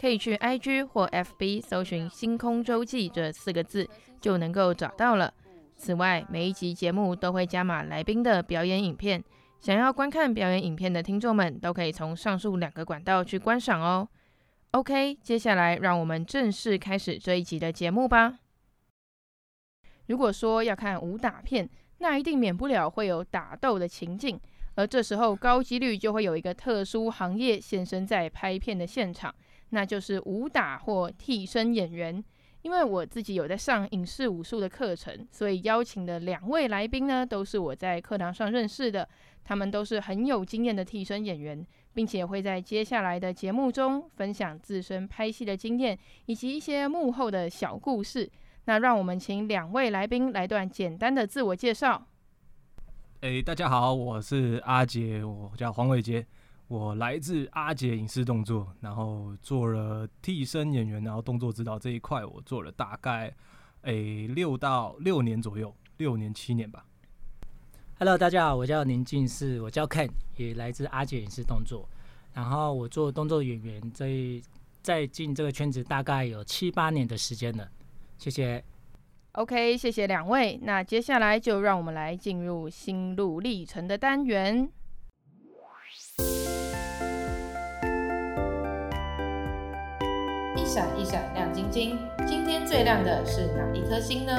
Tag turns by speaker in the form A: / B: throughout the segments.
A: 可以去 IG 或 FB 搜尋“星空週記”這四個字，就能夠找到了。此外，每一集節目都會加碼來賓的表演影片，想要觀看表演影片的聽眾們，都可以從上述兩個管道去觀賞哦。OK，接下來讓我們正式開始這一集的節目吧。如果說要看武打片，那一定免不了會有打鬥的情境，而這時候高幾率就會有一個特殊行業現身在拍片的現場。那就是武打或替身演員，因為我自己有在上影視武術的課程，所以邀請的兩位來賓呢，都是我在課堂上認識的，他們都是很有經驗的替身演員，並且會在接下來的節目中分享自身拍戲的經驗以及一些幕後的小故事。那讓我們請兩位來賓來段簡單的自我介紹。
B: 誒，大家好，我是阿杰，我叫黃偉杰。我來自阿杰影視動作，然後做了替身演員，然後動作指導這一塊，我做了大
C: 概誒六、欸、到六年左右，
B: 六年七年吧。
C: Hello，大家好，我叫寧靜士，我叫 Ken，也來自阿杰影視動作，然後我做動作演員，這在進這個圈子大概有七八年的時間了。謝謝。
A: OK，謝謝兩位，那接下來就讓我們來進入心路歷程的單元。一閃一閃，亮晶晶，今天最亮的是哪一顆星呢？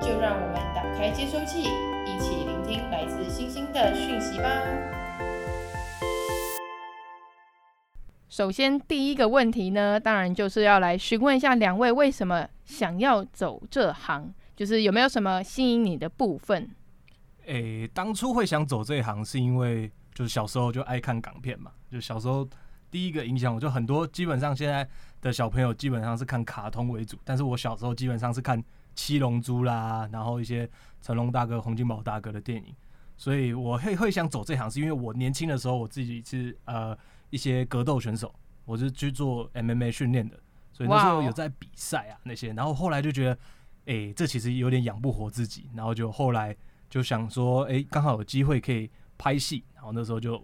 A: 就讓我們打開接收器，一起聆聽來自星星的訊息吧。首先，第一個問題呢，當然就是要來詢問一下兩位，為什麼想要走這行，就是有沒有什麼吸引你的部分？
B: 誒、欸，當初會想走這一行，是因為就是小時候就愛看港片嘛，就小時候。第一個影響我就很多，基本上現在的小朋友基本上是看卡通為主，但是我小時候基本上是看七龍珠啦，然後一些成龍大哥、洪金寶大哥的電影，所以我會會想走這行，是因為我年輕的時候我自己是呃一些格鬥選手，我是去做 MMA 訓練的，所以那時候有在比賽啊那些，然後後來就覺得，欸，這其實有點養不活自己，然後就後來就想說，欸，剛好有機會可以拍戲，然後那時候就。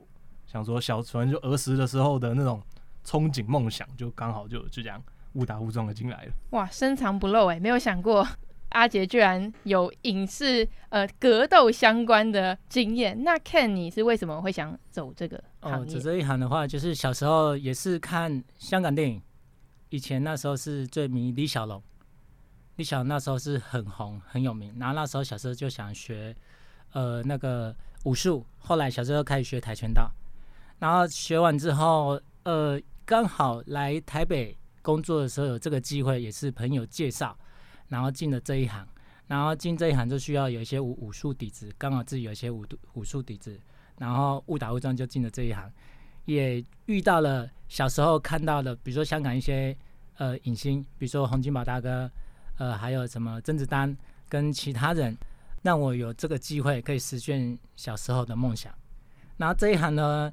B: 想說小時候就兒時的時候的那種憧憬、夢想，就剛好就就這樣誤打誤撞的進來了。
A: 哇，深藏不露哎、欸，沒有想過阿杰、啊、居然有影視呃格鬥相關的經驗。那 Ken 你是為什麼會想走這個行業？哦，走這
C: 一行的話，就是小時候也是看香港電影，以前那時候是最迷李小龍，李小龍那時候是很紅很有名，然後那時候小時候就想學呃那個武術，後來小時候開始學跆拳道。然後學完之後，呃，剛好來台北工作的時候有這個機會，也是朋友介紹，然後進了這一行。然後進這一行就需要有一些武武術底子，剛好自己有一些武武術底子，然後誤打誤撞就進了這一行，也遇到了小時候看到的，比如說香港一些呃影星，比如說洪金寶大哥，呃，還有什麼甄子丹跟其他人，讓我有這個機會可以實現小時候的夢想。然後這一行呢，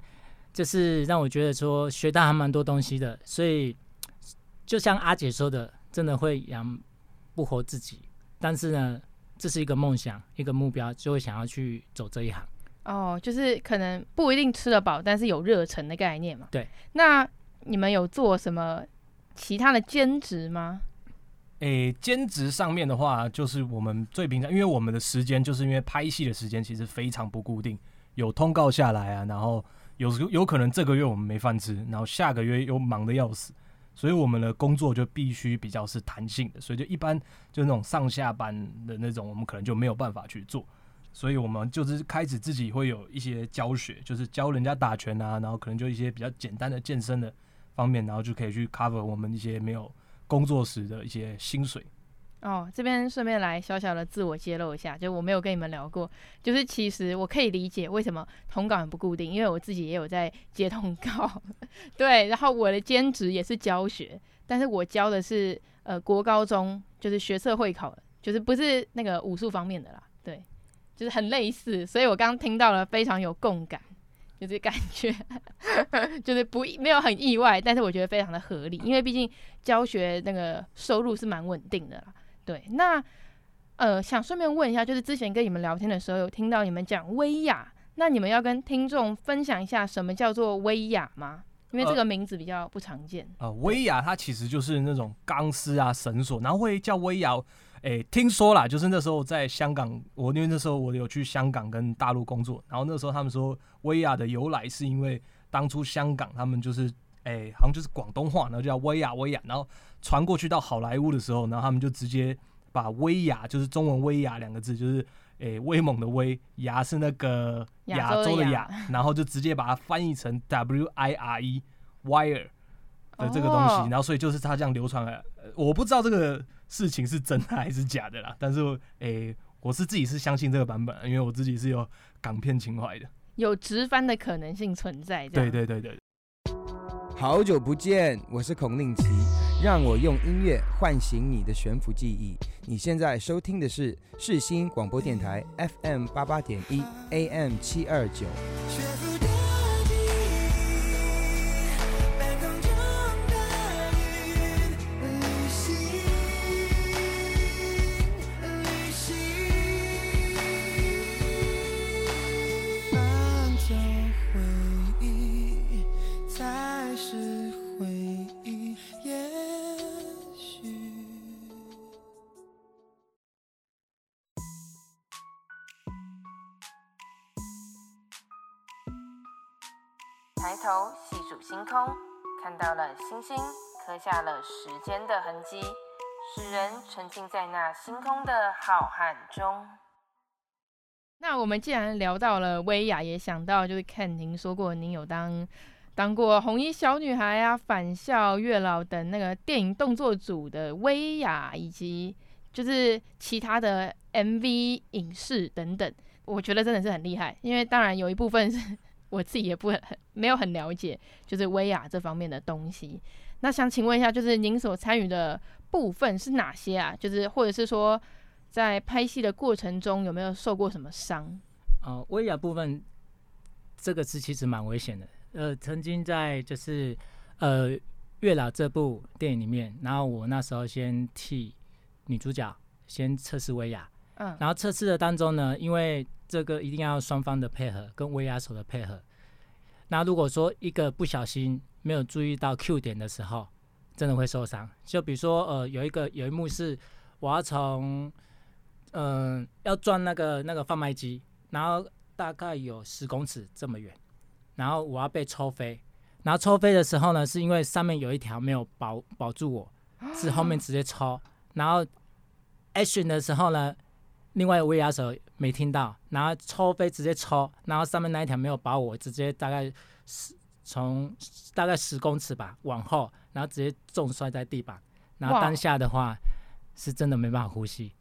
C: 就是讓我覺得說學到還蠻多東西的，所以就像阿姐說的，真的會養不活自己。但是呢，這是一個夢想，一個目標，就會想要去走這一行。
A: 哦，就是可能不一定吃得飽，但是有熱忱的概念嘛。對。那你們有做什麼其他的兼職嗎？
B: 誒、欸，兼職上面的話，就是我們最平常，因為我們的時間就是因為拍戲的時間其實非常不固定，有通告下來啊，然後。有時有可能這個月我們沒飯吃，然後下個月又忙得要死，所以我們的工作就必須比較是彈性的，所以就一般就那種上下班的那種，我們可能就沒有辦法去做，所以我們就是開始自己會有一些教學，就是教人家打拳啊，然後可能就一些比較簡單的健身的方面，然後就可以去 cover 我們一些沒有工作時的一些薪水。
A: 哦，這邊順便來小小的自我揭露一下，就我沒有跟你們聊過，就是其實我可以理解為什麼通告很不固定，因為我自己也有在接通告，對，然後我的兼職也是教學，但是我教的是呃國高中，就是學測會考，就是不是那個武術方面的啦，對，就是很類似，所以我剛剛聽到了非常有共感，就這、是、感覺， 就是不沒有很意外，但是我覺得非常的合理，因為畢竟教學那個收入是蠻穩定的啦。對，那呃，想順便問一下，就是之前跟你們聊天的時候，有聽到你們講“威亞”，那你們要跟聽眾分享一下什麼叫做“威亞”嗎？因為這個名字比較不常見
B: 啊、呃呃。威亞它其實就是那種鋼絲啊、繩索，然後會叫威亞。哎、欸，聽說啦，就是那時候在香港，我因為那時候我有去香港跟大陸工作，然後那時候他們說威亞的由來是因為當初香港他們就是。哎、欸，好像就是廣東話，然後叫威亞威亞，然後傳過去到好萊塢的時候，然後他們就直接把威亞就是中文威亞兩個字，就是哎、欸、威猛的威，亞是那個亞洲的亞，然後就直接把它翻譯成 W I R E Wire
A: 的這個東西，哦、然
B: 後所以就是它這樣流傳了、呃。我不知道這個事情是真的還是假的啦，但是哎、欸，我是自己是相信這個版本，因為我自己是有港片情懷的，
A: 有直翻的可能性存在。對對對對，對。
C: 好久不見，我是孔令奇，讓我用音樂喚醒你的懸浮記憶。你現在收聽的是世新廣播電臺 FM 八八點一 AM 七二九。
A: 空看到了星星，刻下了時間的痕跡，使人沉浸在那星空的浩瀚中。那我們既然聊到了威亞，也想到就是看您說過您有當當過紅衣小女孩啊、返校、月老等那個電影動作組的威亞，以及就是其他的 MV、影視等等，我覺得真的是很厲害。因為當然有一部分是。我自己也不很沒有很了解，就是威亞這方面的東西。那想請問一下，就是您所參與的部分是哪些啊？就是或者是說，在拍戲的過程中有沒有受過什麼傷？啊、呃，威亞部分
C: 這個是其實蠻危險的。呃，曾經在就是呃《月老》這部電影裡面，然後我那時候先替女主角先測試威亞。然後測試的當中呢，因為這個一定要雙方的配合跟威亞手的配合。那如果說一個不小心沒有注意到 Q 點的時候，真的會受傷。就比如說呃，有一個有一幕是我要從嗯、呃、要轉那個那個販賣機，然後大概有十公尺這麼遠，然後我要被抽飛。然後抽飛的時候呢，是因為上面有一條沒有保保住我，是後面直接抽。然後 action 的時候呢。另外一位威亞手沒聽到，然後抽飛直接抽，然後上面那一條沒有把我，直接大概十從大概十公尺吧，往後，然後直接重摔在地板，然後當下的話、wow. 是真的沒辦法呼吸，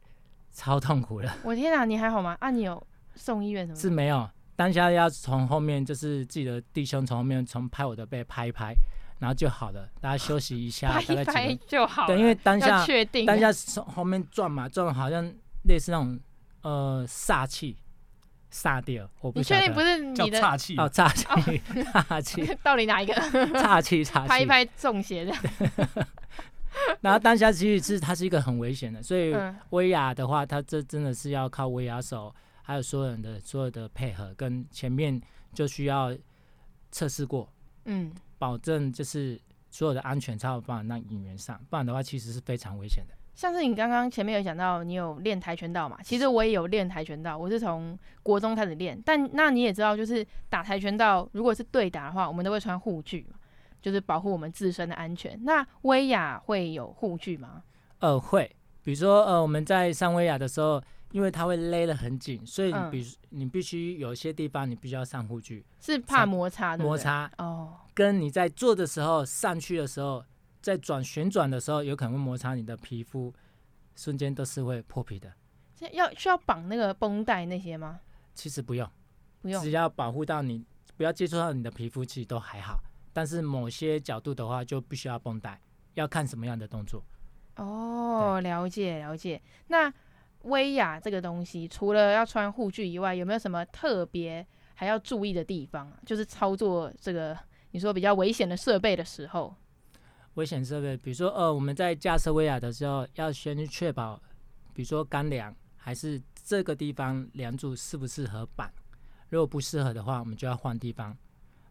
C: 超痛苦的。
A: 我天哪、啊，你還好嗎？啊，你有送醫院什麼樣？是
C: 沒有，當下要從後面，就是自己的弟兄從後面從拍我的背拍一拍，然後就好了，大家休息一下， 拍一拍就，就好了。對，因為當下定當下從後面轉嘛，轉好像。這是那種呃煞氣煞掉，我不確定不是你的煞氣？哦，煞氣、哦，煞氣，到底哪一個？煞氣，煞氣，拍一拍
A: 中邪的。
C: 然後當下其實是它是一個很危險的，所以威亞、嗯、的話，它這真的是要靠威亞手還有所有人的所有的配合，跟前面就需要測試過，
A: 嗯，
C: 保證就是所有的安全才有辦法讓演員上，不然的話其實是非常危險的。
A: 像是你剛剛前面有講到，你有練跆拳道嘛？其實我也有練跆拳道，我是從國中開始練。但那你也知道，就是打跆拳道，如果是對打的話，我們都會穿護具嘛，就是保護我們自身的安全。那威亞會有護具嗎？
C: 呃，會，比如說呃，我們在上威亞的時候，因為它會勒得很緊，所以比你必須、嗯、有些地方你必須要上護具，
A: 是怕摩擦對不對？摩擦哦，
C: 跟你在做的時候上去的時候。在轉旋轉的時候，有可能會摩擦你的皮膚，瞬間都是會破皮的。
A: 要需要綁那個繃帶那些嗎？
C: 其實不用，不用，只要保護到你不要接觸到你的皮膚，其實都還好。但是某些角度的話，就必須要繃帶，要看什麼樣的動作。
A: 哦，了解了解。那威亞這個東西，除了要穿護具以外，有沒有什麼特別還要注意的地方？就是操作這個你說比較危險的設備的時候。
C: 危險設備，比如說呃，我們在架設威亞的時候，要先去確保，比如說鋼梁還是這個地方梁柱適不適合綁，如果不適合的話，我們就要換地方，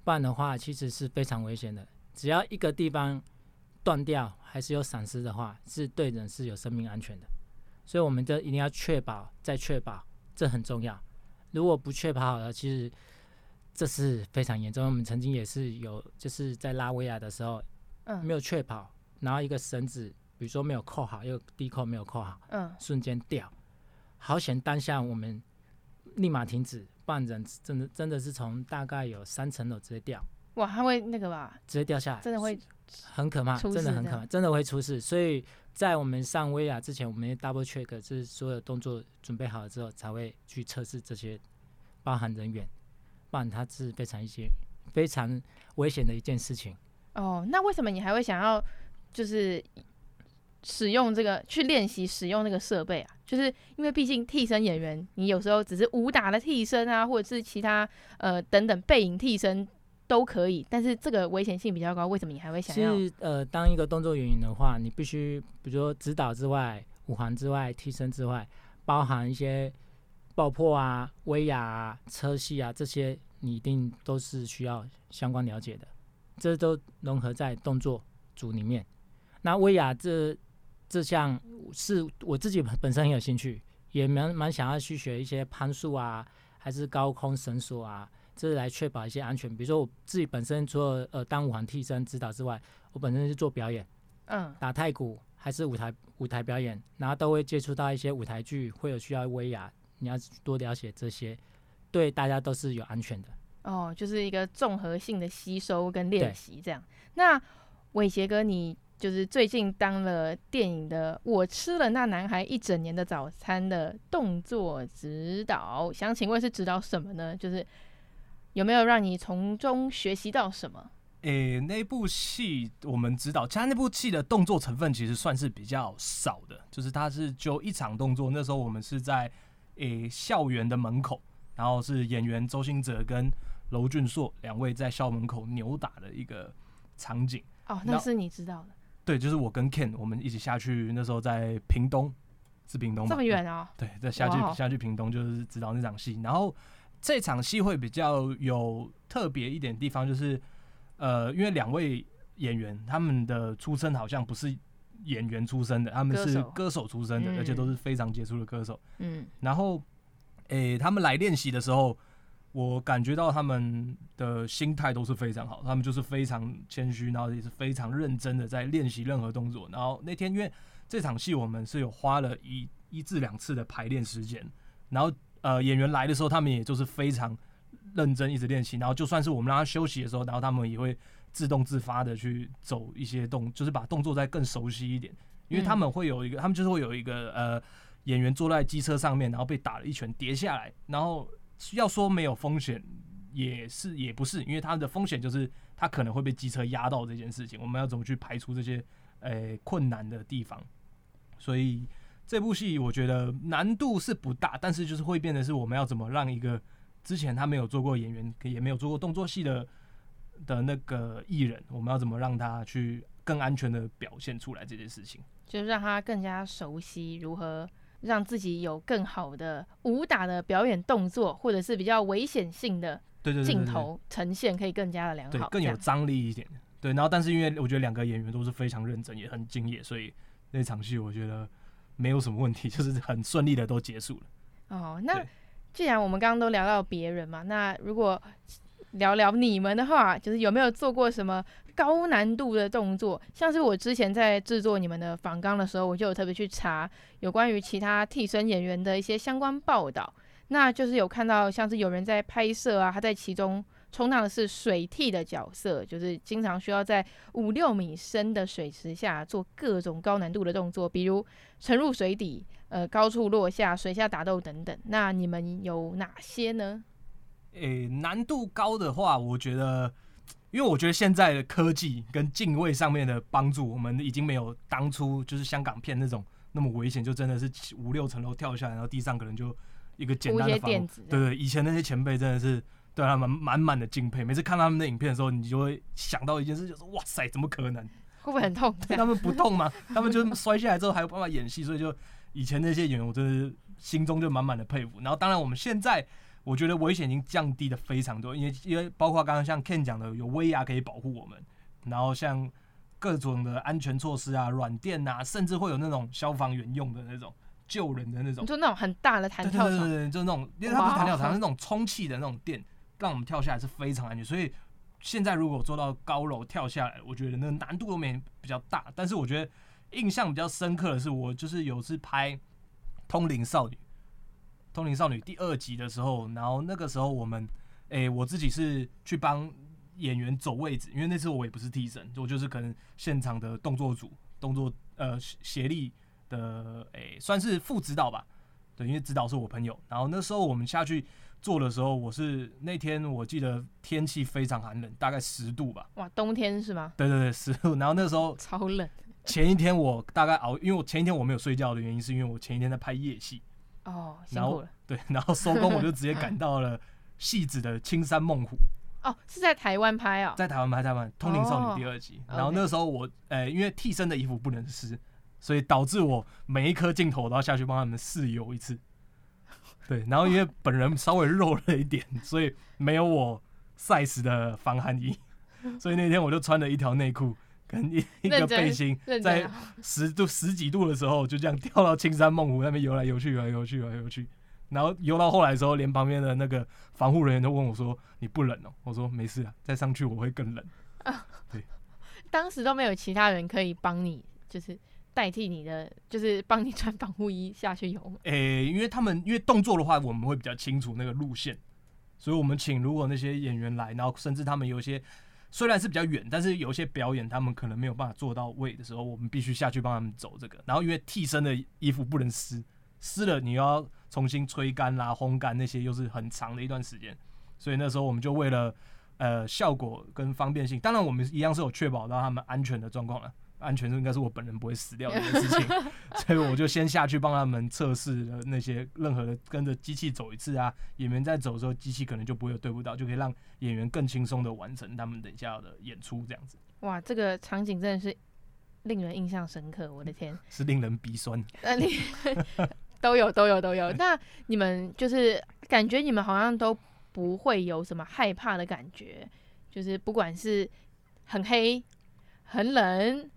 C: 不然的話其實是非常危險的。只要一個地方斷掉還是有閃失的話，是對人是有生命安全的，所以我們就一定要確保再確保，這很重要。如果不確保好了，其實這是非常嚴重。我們曾經也是有，就是在拉威亞的時候。嗯、沒有確保，然後一個繩子，比如說沒有扣好，又低扣沒有扣好，嗯，瞬間掉，好險！當下我們立馬停止，不然人真的真的是從大概有三層樓直接掉，
A: 哇，還會那個吧？
C: 直接掉下來，真的會很可怕，真的很可怕，真的會出事。所以在我們上威亞之前，我們也 double check 就是所有動作準備好了之後才會去測試這些，包含人員，不然它是非常一些非常危險的一件事情。
A: 哦，那為什麼你還會想要就是使用這個去練習使用那個設備啊？就是因為畢竟替身演員，你有時候只是武打的替身啊，或者是其他呃等等背影替身都可以，但是這個危險性比較高。為什麼你還會想要？是
C: 呃，當一個動作演員的話，你必須比如說指導之外、武行之外、替身之外，包含一些爆破啊、威亞啊、車戲啊這些，你一定都是需要相關了解的。這都融合在動作組裡面。那威亞這這項是我自己本身很有興趣，也蠻蠻想要去學一些攀樹啊，還是高空繩索啊，這是來確保一些安全。比如說我自己本身除了呃當武行替身指導之外，我本身就是做表演，嗯，打太鼓還是舞台舞台表演，然後都會接觸到一些舞台劇會有需要威亞，你要多了解這些，對大家都是有安全的。
A: 哦，就是一個綜合性的吸收跟練習這樣。那偉杰哥，你就是最近當了電影的《我吃了那男孩一整年的早餐》的動作指導，想請問是指導什麼呢？就是有沒有讓你從中學習到什麼？誒、
B: 欸，那部戲我們知道，其實那部戲的動作成分其實算是比較少的，就是它是就一場動作。那時候我們是在誒、欸、校園的門口，然後是演員周興哲跟婁俊碩兩位在校門口扭打的一個場景哦，oh, Now, 那是你知道的，對，就是我跟 Ken 我們一起下去，那時候在屏東，是屏東這麼遠啊，哦嗯。對，再下去，哦，下去屏東就是指導那場戲。然後這場戲會比較有特別一點地方，就是呃，因為兩位演員他們的出身好像不是演員出身的，他們是歌手出身的，而且都是非常傑出的歌手。嗯，然後誒、欸，他們來練習的時候。我感覺到他們的心態都是非常好他們就是非常謙虛，然後也是非常認真的在練習任何動作。然後那天因為這場戲我們是有花了一一至兩次的排練時間，然後呃演員來的時候，他們也就是非常認真一直練習，然後就算是我們讓他休息的時候，然後他們也會自動自發的去走一些動，就是把動作再更熟悉一點，因為他們會有一個，他們就是會有一個呃演員坐在機車上面，然後被打了一拳跌下來，然後。要說沒有風險，也是也不是，因為他的風險就是他可能會被機車壓到這件事情。我們要怎麼去排除這些誒、欸、困難的地方？所以這部戲我覺得難度是不大，但是就是會變得是，我們要怎麼讓一個之前他沒有做過演員，也沒有做過動作戲的的那個藝人，我們要怎麼讓他去更安全的表現出來這件事情？
A: 就是讓他更加熟悉如何。讓自己有更好的武打的表演動作，或者是比較危險性的鏡頭呈現，對對對對對，可以更加的良好，對，更有
B: 張力一點。對，然後但是因為我覺得兩個演員都是非常認真，也很敬業，所以那場戲我覺得沒有什麼問題，就是很順利的都結束
A: 了。哦，那既然我們剛剛都聊到別人嘛，那如果聊聊你們的話，就是有沒有做過什麼高難度的動作？像是我之前在制作你們的訪綱的時候，我就有特別去查有關於其他替身演員的一些相關報道。那就是有看到像是有人在拍攝啊，他在其中充當的是水替的角色，就是經常需要在五六米深的水池下做各種高難度的動作，比如沉入水底、呃高處落下、水下打鬥等等。那你們有哪些呢？
B: 誒、欸，難度高的話，我覺得，因為我覺得現在的科技跟鏡位上面的幫助，我們已經沒有當初就是香港片那種那麼危險，就真的是五六層樓跳下來，然後地上可能就一個簡單的房子。對對，以前那些前輩真的是對他們滿滿的敬佩，每次看他們的影片的時候，你就會想到一件事，就是哇塞，怎麼可能？會不會很痛？他們不痛嗎？他們就摔下來之後還有辦法演戲，所以就以前那些演員，我真是心中就滿滿的佩服。然後，當然我們現在。我覺得危險已經降低的非常多，因為因為包括剛剛像 Ken 講的，有威亞可以保護我們，然後像各種的安全措施啊、軟墊吶，甚至會有那種消防員用的那種救人的那種，就那種
A: 很大的彈跳
B: 床，是，就那種，因為它不是彈跳床是那種充氣的那種墊，讓我們跳下來是非常安全。所以現在如果做到高樓跳下來，我覺得那個難度都沒比較大。但是我覺得印象比較深刻的是，我就是有次拍《通靈少女》。《通靈少女》第二集的時候，然後那個時候我們，誒、欸，我自己是去幫演員走位置，因為那次我也不是替身，我就是可能現場的動作組、動作呃協力的，誒、欸，算是副指導吧。對，因為指導是我朋友。然後那時候我們下去做的時候，我是那天我記得天氣非常寒冷，大概十度吧。
A: 哇，冬天是嗎？對
B: 對對，十度。然後那時候超冷。前一天我大概熬，因為我前一天我沒有睡覺的原因，是因為我前一天在拍夜戲。哦、oh,，然後對，然後收工，我就直接趕到了汐止的青山夢湖。
A: 哦、 oh,，是在台灣拍啊、喔，
B: 在台灣拍台灣《通靈少女》第二集。Oh, okay. 然後那時候我，呃、欸，因為替身的衣服不能濕，所以導致我每一顆鏡頭我都要下去幫他們試游一次。對，然後因為本人稍微肉了一點，oh. 所以沒有我 size 的防寒衣，所以那天我就穿了一條內褲。跟一一個背心，在十度、啊、十幾度的時候，就這樣跳到青山夢湖那邊游來游去，游來游去，游來游去，然後游到後來的時候，連旁邊的那個防護人員都問我說：“你不冷哦、喔？”我說：“沒事啊，再上去我會更冷、啊。”
A: 對，當時都沒有其他人可以幫你，就是代替你的，就是幫你穿防護衣下去游。
B: 誒、欸，因為他們因為動作的話，我們會比較清楚那個路線，所以我們請如果那些演員來，然後甚至他們有些。雖然是比較遠，但是有一些表演，他們可能沒有辦法做到位的時候，我們必須下去幫他們走這個。然後因為替身的衣服不能濕，濕了你要重新吹乾啦、烘乾那些，又是很長的一段時間。所以那時候我們就為了呃效果跟方便性，當然我們一樣是有確保到他們安全的狀況了。安全是應該是我本人不會死掉的事情， 所以我就先下去幫他們測試了那些任何的跟着機器走一次啊，演員在走的時候，機器可能就不會有對不到，就可以讓演員更輕鬆的完成他們等一下的演出。這樣子，
A: 哇，這個場景真的是令人印象深刻，我的天，
B: 是令人鼻酸。
A: 那、呃、你都有都有都有，都有都有 那你們就是感覺你們好像都不會有什麼害怕的感覺，就是不管是很黑很冷，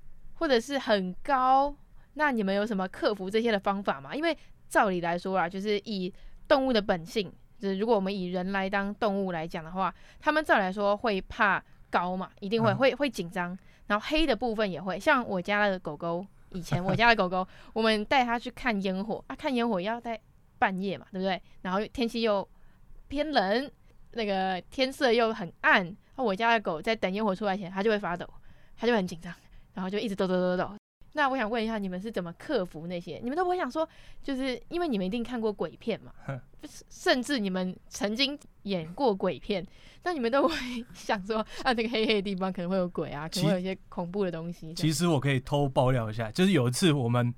A: 或者是很高，那你們有什麼克服這些的方法嗎？因為照理來說啊，就是以動物的本性，就是如果我們以人來當動物來講的話，它們照來說會怕高嘛，一定會會會緊張，然後黑的部分也會。像我家的狗狗，以前我家的狗狗， 我們帶它去看煙火啊，看煙火要在半夜嘛，對不對？然後天氣又偏冷，那個天色又很暗，那我家的狗在等煙火出來前，它就會發抖，它就很緊張。然後就一直抖抖抖抖。那我想問一下，你們是怎麼克服那些？你們都不會想說，就是因為你們一定看過鬼片嘛，甚至你們曾經演過鬼片，那你們都會想說啊，這個黑黑的地方可能會有鬼啊，可能會有一些恐怖的東西其。其
B: 實我可以偷爆料一下，就是有一次我們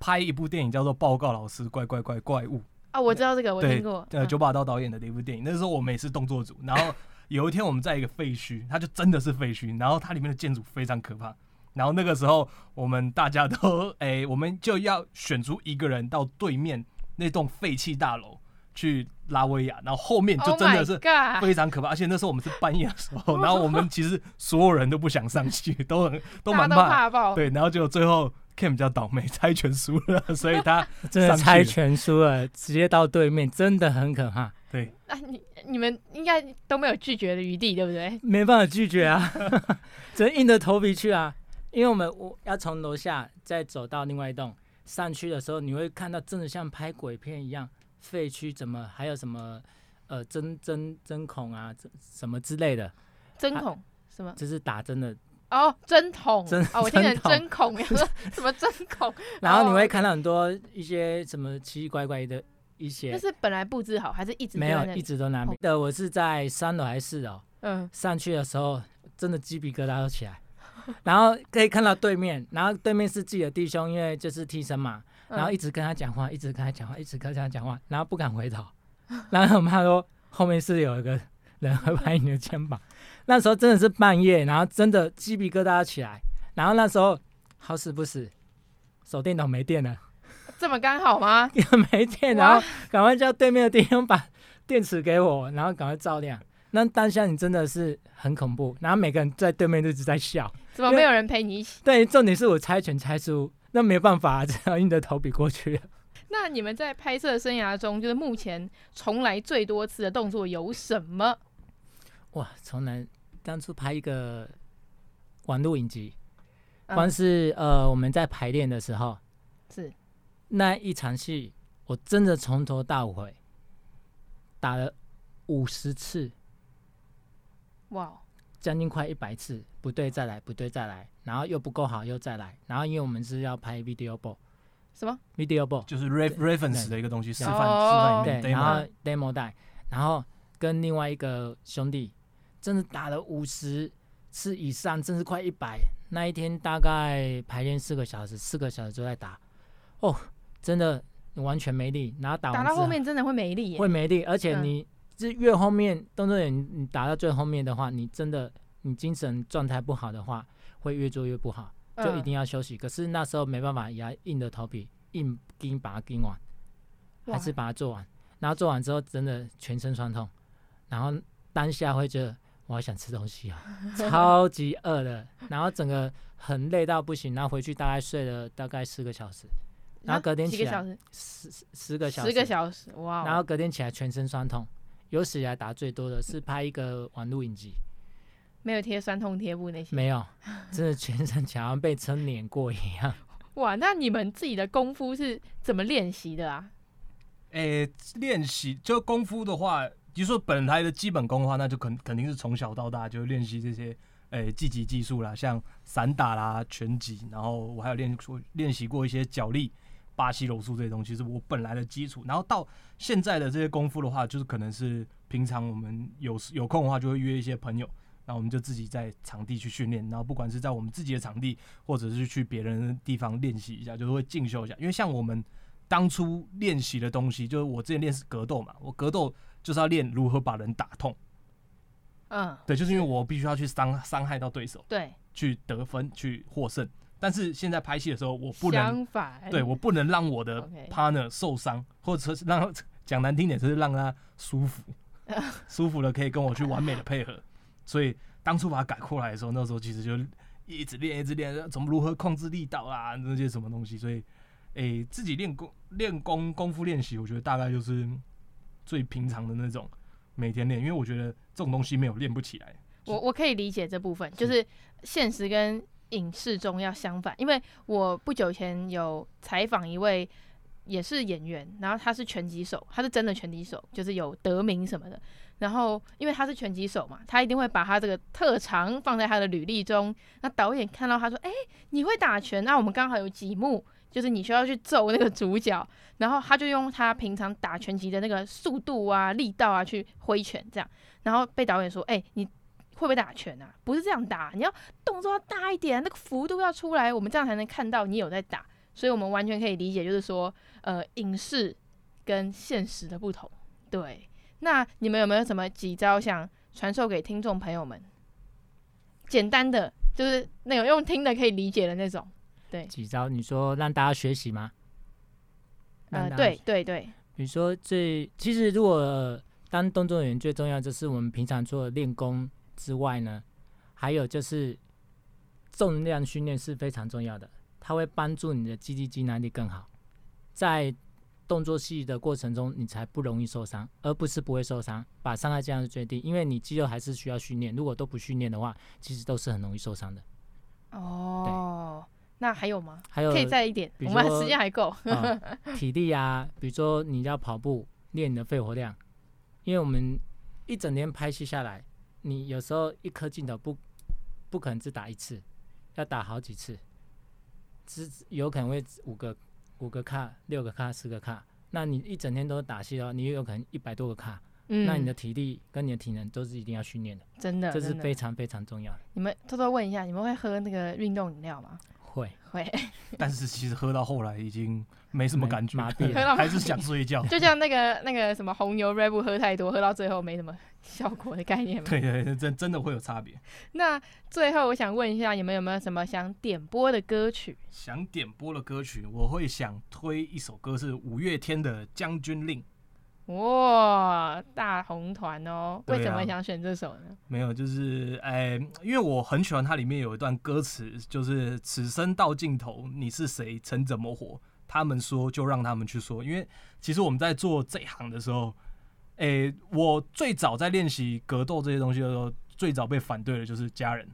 B: 拍一部電影叫做《報告老師》，怪怪怪怪物
A: 啊、哦，我知道這個，我聽過。對、啊
B: 呃、九把刀導演的一部電影，那時候我們也是動作組，然後有一天我們在一個廢墟， 它就真的是廢墟，然後它裡面的建築非常可怕。然後那個時候，我們大家都哎、欸，我們就要選出一個人到對面那棟廢棄大樓去拉威亞。然後後面就真的是非常可怕，oh、而且那時候我們是半夜的時候，然後我們其實所有人都不想上去， 都很，都蠻怕的，都怕爆，對。然後就最後 Kim 比較倒
C: 霉，猜拳輸了，所以他真的猜拳輸了，直接到對面，真的很可怕。對，
A: 啊、你你們應該都沒有拒絕的餘地，對不對？
C: 沒辦法拒絕啊，只 能硬着頭皮去啊。因為我們我要從樓下再走到另外一棟上去的時候，你會看到真的像拍鬼片一樣，廢墟怎麼還有什麼呃針針針孔啊，這什麼之類的針
A: 孔、啊、
C: 什麼？這是打針的
A: 哦，針筒。哦，我聽成針孔什麼針孔？ 針孔 然後你
C: 會看到很多一些什麼奇奇怪怪的一些。就是
A: 本來布置好，還是一直不沒有，一直都拿。呃、
C: 哦，我是在三樓還是四樓？嗯，上去的時候真的雞皮疙瘩都起來。然後可以看到對面，然後對面是自己的弟兄，因為就是替身嘛，然後一直跟他講話，嗯、一直跟他講話，一直跟他講話，一直跟他講話，然後不敢回頭，然後我怕說後面是有一個人會拍你的肩膀， 那時候真的是半夜，然後真的雞皮疙瘩起來，然後那時候好死不死，手電筒沒電了，
A: 這麼剛好嗎？也
C: 沒電，然後趕快叫對面的弟兄把電池給我，然後趕快照亮，那當下你真的是很恐怖，然後每個人在對面一直在笑。怎麼沒有人陪你一起？對，重點是我猜拳猜輸，那沒辦法，啊，只要硬着頭皮過去。
A: 那你們在拍攝生涯中，就是目前重來最多次的動作有什麼？
C: 哇，重來！當初拍一個網路影集，嗯，光是呃我們在排練的時候，是那一場戲，我真的從頭到尾打了五十次。
A: 哇！
C: 將近快一百次，不對再來，不對再來，然後又不夠好又再來，然後因為我們是要拍 video ball，什麼 video ball？就是 re reference 的一個東西，對示範對示範, yeah, 示範、哦 demo、然後 demo 帶，然後跟另外一個兄弟，真的打了五十次以上，真是快一百。那一天大概排練四個小時，四個小時都在打，哦，真的完全沒力。然後打打到後面
A: 真的會沒力，會沒力，而且你。嗯
C: 就越後面動作，你你打到最後面的話，你真的，你精神狀態不好的話，會越做越不好，就一定要休息。嗯、可是那時候沒辦法，也要硬着頭皮硬拼把它拼完，
A: 還是
C: 把它做完。然後做完之後，真的全身痠痛，然後當下會覺得我好想吃東西啊，超級餓的， 然後整個很累到不行。然後回去大概睡了大概四個小時，然後隔天起來十個小時十個小時十個小時，然後隔天起來全身痠痛。有史以來打最多的是拍一個網路影集，
A: 沒有貼酸痛貼布那些，沒
C: 有，真的全身好像被撐臉過一樣。
A: 哇，那你們自己的功夫是怎麼練習的啊？
C: 誒、欸，練習就
B: 功夫的話，就是、說本來的基本功的話，那就肯肯定是從小到大就練習這些誒、欸、技擊技術啦，像散打啦、拳擊，然後我還有練出練習過一些腳力。巴西柔術這些東西是我本來的基礎，然後到現在的這些功夫的話，就是可能是平常我們有有空的話就會約一些朋友，那我們就自己在場地去訓練，然後不管是在我們自己的場地，或者是去別人的地方練習一下，就是會進修一下。因為像我們當初練習的東西，就是我之前練是格鬥嘛，我格鬥就是要練如何把人打痛，
A: 嗯，
B: 對，就是因為我必須要去傷傷害到對手，對，去得分去獲勝。但是現在拍戲的時候，我不能，對我不能讓我的 partner 受傷，Okay. 或者讓講難聽點，就是讓他舒服， 舒服了可以跟我去完美的配合。 所以當初把它改過來的時候，那時候其實就一直練，一直練，怎麼如何控制力道啊，那些什麼東西。所以，誒、欸，自己練功練功功夫練習，我覺得大概就是最平常的那種，每天練，因為我覺得這種東西沒有練不起來。
A: 我我可以理解這部分，是就是現實跟。影視中要相反，因為我不久前有採訪一位也是演員，然後他是拳擊手，他是真的拳擊手，就是有得名什麼的。然後因為他是拳擊手嘛，他一定會把他這個特長放在他的履歷中。那導演看到他說：“哎、欸，你會打拳？那、啊、我們剛好有幾幕，就是你需要去揍那個主角。”然後他就用他平常打拳擊的那個速度啊、力道啊去揮拳，這樣。然後被導演說：“哎、欸，你。”會不會打拳啊？不是這樣打，你要動作要大一點，那個幅度要出來，我們這樣才能看到你有在打。所以我們完全可以理解，就是說，呃，影視跟現實的不同。對，那你們有沒有什麼幾招想傳授給聽眾朋友們？簡單的，就是那種用聽的可以理解的那種。對，
C: 幾招？你說讓大家學習嗎？讓大家學習。呃，對對對。比如說最，最其實如果當動作演員，最重要就是我們平常做練功。之外呢，還有就是重量訓練是非常重要的，它會幫助你的肌肌肌耐力更好，在動作戲的過程中，你才不容易受傷，而不是不會受傷，把傷害降到最低。因為你肌肉還是需要訓練，如果都不訓練的話，其實都是很容易受傷的。
A: 哦、oh，那還有嗎？還有可以再一點，我們時間還夠、 哦。體
C: 力啊，比如說你要跑步練你的肺活量，因為我們一整天拍戲下來。你有時候一顆鏡頭不不可能只打一次，要打好幾次，只有可能會五個五個卡、六個卡、四個卡。那你一整天都打戲的話，你有可能一百多個卡。嗯，那你的體力跟你的體能都是一定要訓練的，真的，這是非常非常重要。
A: 你們偷偷問一下，你們會喝那個運動飲料嗎？會會，
C: 但是其實喝到後
B: 來已經沒什麼感覺，還是想睡覺。 就
A: 像那個那個什麼紅牛 rap 喝太多， 喝到最後沒什麼效果的概念嗎？對對，
B: 對，真真的會有差別。
A: 那最後我想問一下，你們有沒有什麼想點播的歌曲？
B: 想點播的歌曲，我會想推一首歌，是五月天的《將軍令》。
A: 哇、oh,，大紅團哦、啊，為什麼想選這首呢？
B: 沒有，就是誒，因為我很喜歡它裡面有一段歌詞，就是“此生到盡頭，你是誰，曾怎麼活？他們說就讓他們去說？因為其實我們在做這一行的時候，誒，我最早在練習格鬥這些東西的時候，最早被反對的就是家人。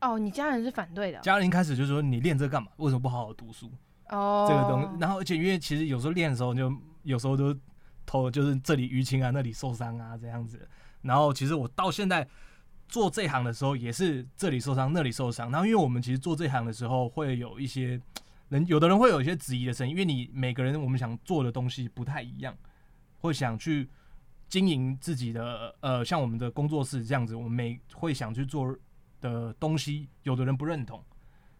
A: 哦、oh,，你家人是反對的，家
B: 人一開始就說你練這幹嘛？為什麼不好好讀書？
A: 哦、oh.，這個東
B: 西，然後而且因為其實有時候練的時候就有時候都。就是這裡淤青啊，那裡受傷啊，這樣子。然後其實我到現在做這行的時候，也是這裡受傷，那裡受傷。然後因為我們其實做這行的時候，會有一些人，有的人會有一些質疑的聲音，因為你每個人我們想做的東西不太一樣，會想去經營自己的呃，像我們的工作室這樣子，我們每會想去做的東西，有的人不認同，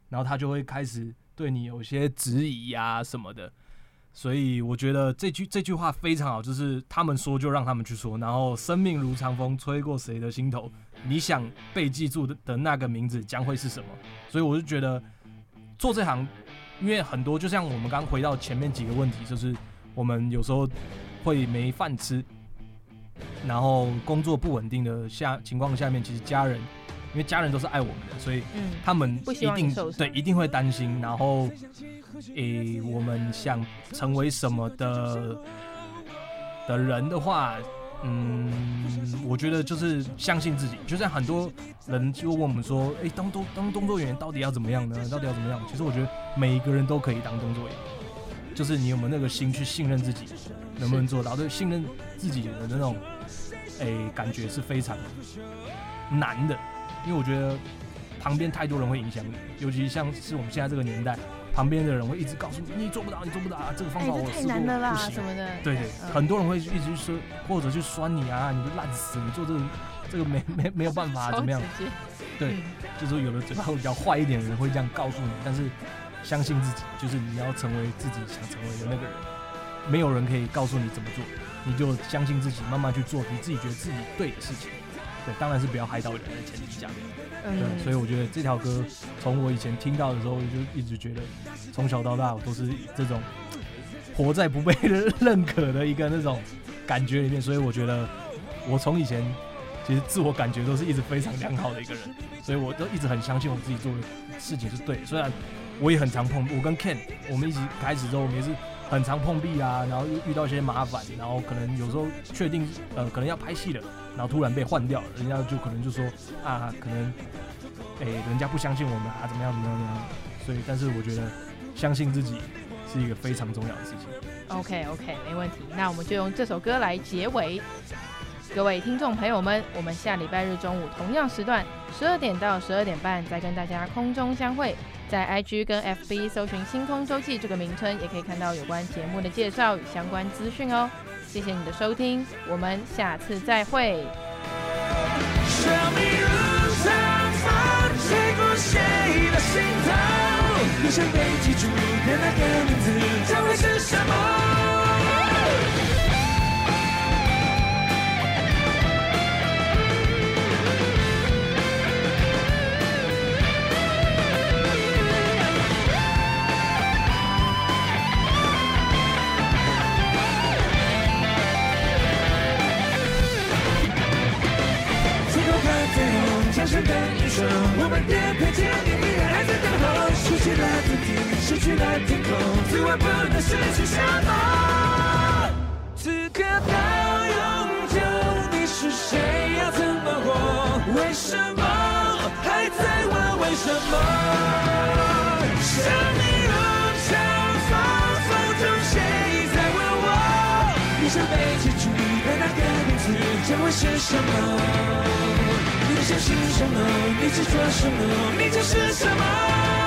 B: 然後他就會開始對你有些質疑啊什麼的。所以我覺得這句這句話非常好，就是他們說，就讓他們去說，然後生命如長風吹過，誰的心頭，你想被記住的的那個名字將會是什麼？所以我就覺得做這行，因為很多就像我們剛回到前面幾個問題，就是我們有時候會沒飯吃，然後工作不穩定的下情況下面，其實家人，因為家人都是愛我們的，所以他們一定、嗯、對一定會擔心，然後。欸，我們想成為什麼的的人的話，嗯，我覺得就是相信自己。就像很多人就問我們說，欸，當動當動作演員到底要怎麼樣呢？到底要怎麼樣？其實我覺得每一個人都可以當動作演員，就是你有沒有那個心去信任自己，能不能做到？對，信任自己的那種欸，感覺是非常難的，因為我覺得旁邊太多人會影響你，尤其像是我們現在這個年代。旁邊的人會一直告訴你，你做不到，你做不到啊！這個方法我試過，欸太難的啦，不行什麼的。對對、對、嗯，很多人會一直說，或者去酸你啊，你就爛死，你做這種、個、這個沒沒沒有辦法，怎麼樣？對，嗯、就是有的嘴巴 比較壞一點的人會這樣告訴你，但是相信自己，就是你要成為自己想成為的那個人。沒有人可以告訴你怎麼做，你就相信自己，慢慢去做你自己覺得自己對的事情。對，當然是不要害到
A: 人的前提下對、嗯，對，所
B: 以我覺得這條歌，從我以前聽到的時候，就一直覺得，從小到大我都是這種活在不被認可的一個那種感覺裡面，所以我覺得我從以前其實自我感覺都是一直非常良好的一個人，所以我都一直很相信我自己做的事情是對，雖然我也很常碰，我跟 Ken 我們一起開始之後我們也是。很常碰壁啊，然後又遇到一些麻煩，然後可能有時候確定，呃，可能要拍戲了，然後突然被換掉了，人家就可能就說啊，可能，哎、欸，人家不相信我們啊，怎麼樣怎麼樣怎麼樣，所以，但是我覺得相信自己是一個非常重要的事情。
A: OK OK，沒問題，那我們就用這首歌來結尾。各位聽眾朋友們，我們下禮拜日中午同樣時段，十二點到十二點半再跟大家空中相會。在 IG 跟 FB 搜尋“星空週記”這個名稱，也可以看到有關節目的介紹與相關資訊哦。謝謝你的收聽，我們下次再會。
B: 我們顛沛依然還在等候。失去了自己，失去了天空，最
C: 晚不能失去
B: 什麼？此刻到永久，你是誰？要怎麼活？為什麼還在問為什麼？生命如長風，風，風中誰在問我？你想被記住，你的那個名字將會是什麼？你相信什麼？你執着什麼？你就是什麼。